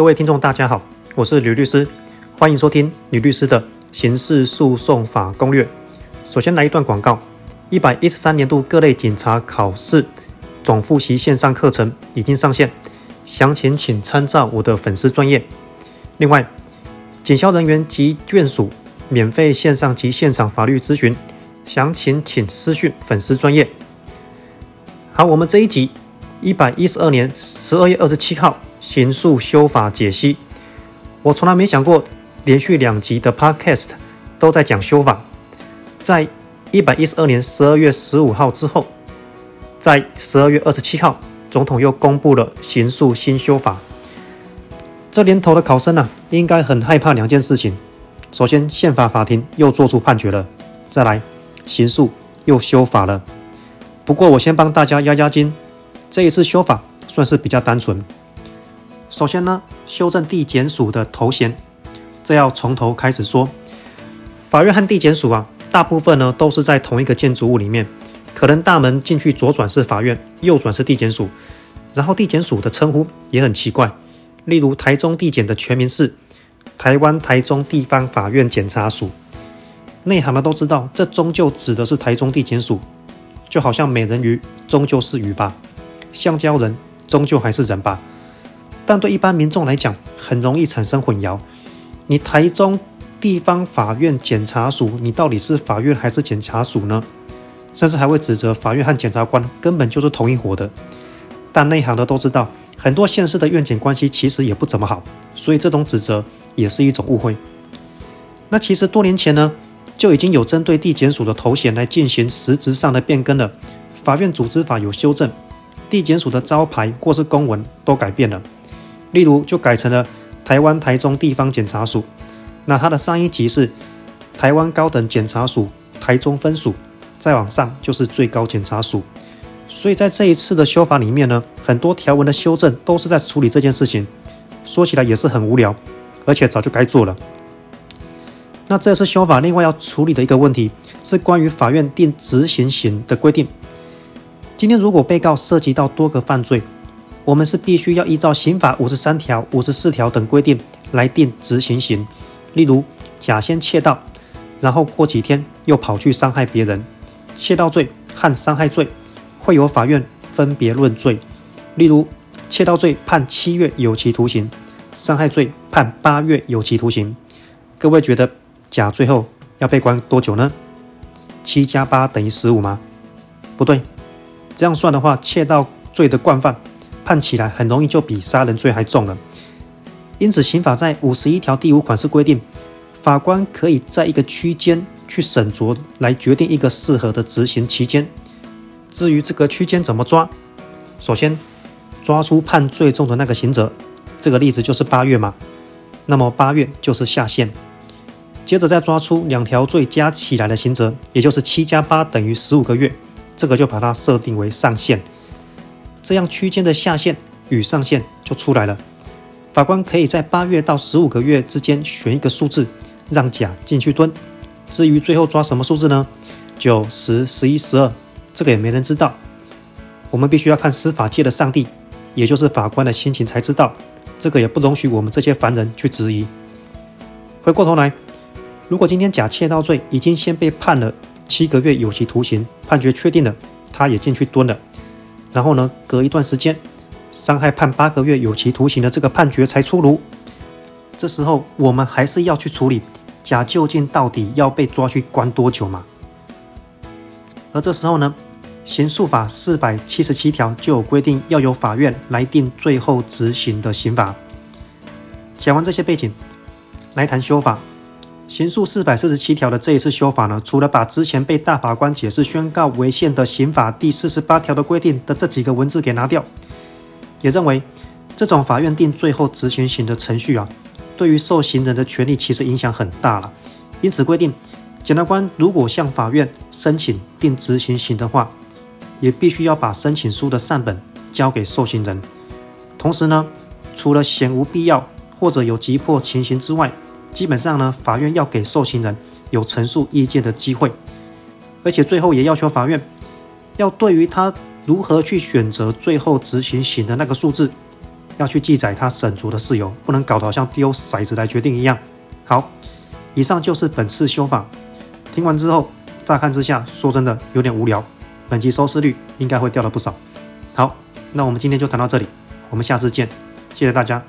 各位聽眾，大家好，我是呂律師，歡迎收聽呂律師的《刑事訴訟法攻略》。首先來一段廣告：一百一十三年度各類警察考試總複習線上課程已經上線，詳情請參照我的粉絲專頁。另外，警消人員及眷屬免費線上及現場法律諮詢，詳情請私訊粉絲專頁。好，我們這一集一百一十二年十二月二十七號，刑訴修法解析，我從來沒想過連續兩集的 Podcast 都在講修法。在一百一十二年十二月十五號之後，在十二月二十七號，總統又公布了刑訴新修法。這年頭的考生啊，應該很害怕兩件事情：首先，憲法法庭又做出判決了；再來，刑訴又修法了。不過，我先幫大家壓壓驚，這一次修法算是比較單純。首先呢，修正地檢署的頭銜，這要從頭開始說。法院和地檢署啊，大部分呢都是在同一個建築物裡面，可能大門進去左轉是法院，右轉是地檢署。然後地檢署的稱呼也很奇怪，例如台中地檢的全名是臺灣台中地方法院檢察署，內行的都知道，這終究指的是台中地檢署，就好像美人魚終究是魚吧，香蕉人終究還是人吧。但對一般民眾來講，很容易產生混淆。你台中地方法院檢察署，你到底是法院還是檢察署呢？甚至還會指責法院和檢察官根本就是同一夥的。但內行的都知道，很多縣市的院檢關係其實也不怎麼好，所以這種指責也是一種誤會。那其實多年前呢，就已經有針對地檢署的頭銜來進行實質上的變更了。法院組織法有修正，地檢署的招牌或是公文都改變了。例如，就改成了臺灣台中地方檢察署。那它的上一級是臺灣高等檢察署台中分署，再往上就是最高檢察署。所以在這一次的修法裡面呢，很多條文的修正都是在處理這件事情。說起來也是很無聊，而且早就該做了。那這次修法另外要處理的一個問題是關於法院定執行刑的規定。今天如果被告涉及到多個犯罪，我們是必須要依照刑法五十三條、五十四條等規定來定執行刑。例如，甲先竊盜，然後過幾天又跑去傷害別人，竊盜罪和傷害罪會由法院分別論罪。例如，竊盜罪判七月有期徒刑，傷害罪判八月有期徒刑。各位覺得甲最後要被關多久呢？七加八等於十五嗎？不對，這樣算的話，竊盜罪的慣犯。判起來很容易就比殺人罪還重了，因此刑法在五十一條第五款是規定，法官可以在一個區間去審酌來決定一個適合的執行期間。至於這個區間怎麼抓，首先抓出判最重的那個刑責，這個例子就是八月嘛，那麼八月就是下限。接着再抓出兩條罪加起來的刑責，也就是七加八等於十五個月，這個就把它設定為上限。這樣區間的下限與上限就出來了。法官可以在八月到十五個月之間選一個數字，讓甲進去蹲。至於最後抓什麼數字呢？九、十、十一、十二，這個也沒人知道。我們必須要看司法界的上帝，也就是法官的心情才知道。這個也不容許我們這些凡人去質疑。回過頭來，如果今天甲竊盜罪已經先被判了七個月有期徒刑，判決確定了，他也進去蹲了。然後呢，隔一段時間，傷害判八個月有期徒刑的這個判決才出爐。這時候我們還是要去處理，甲究竟到底要被抓去關多久嘛？而這時候呢，《刑訴法》四百七十七條就有規定，要由法院來定最後執行的刑罰。講完這些背景，來談修法。刑訴四百四十七條的這一次修法呢，除了把之前被大法官解釋宣告違憲的刑法第四十八條的規定的這幾個文字給拿掉，也認為這種法院定最後執行刑的程序啊，對於受刑人的權利其實影響很大了。因此規定，檢察官如果向法院申請定執行刑的話，也必須要把申請書的繕本交給受刑人。同時呢，除了顯無必要或者有急迫情形之外，基本上呢，法院要給受刑人有陳述意見的機會，而且最後也要求法院要對於他如何去選擇最後執行刑的那個數字，要去記載他審酌的事由，不能搞得好像丟骰子來決定一樣。好，以上就是本次修法。聽完之後，乍看之下，說真的有點無聊，本集收視率應該會掉了不少。好，那我們今天就談到這裡，我們下次見，謝謝大家。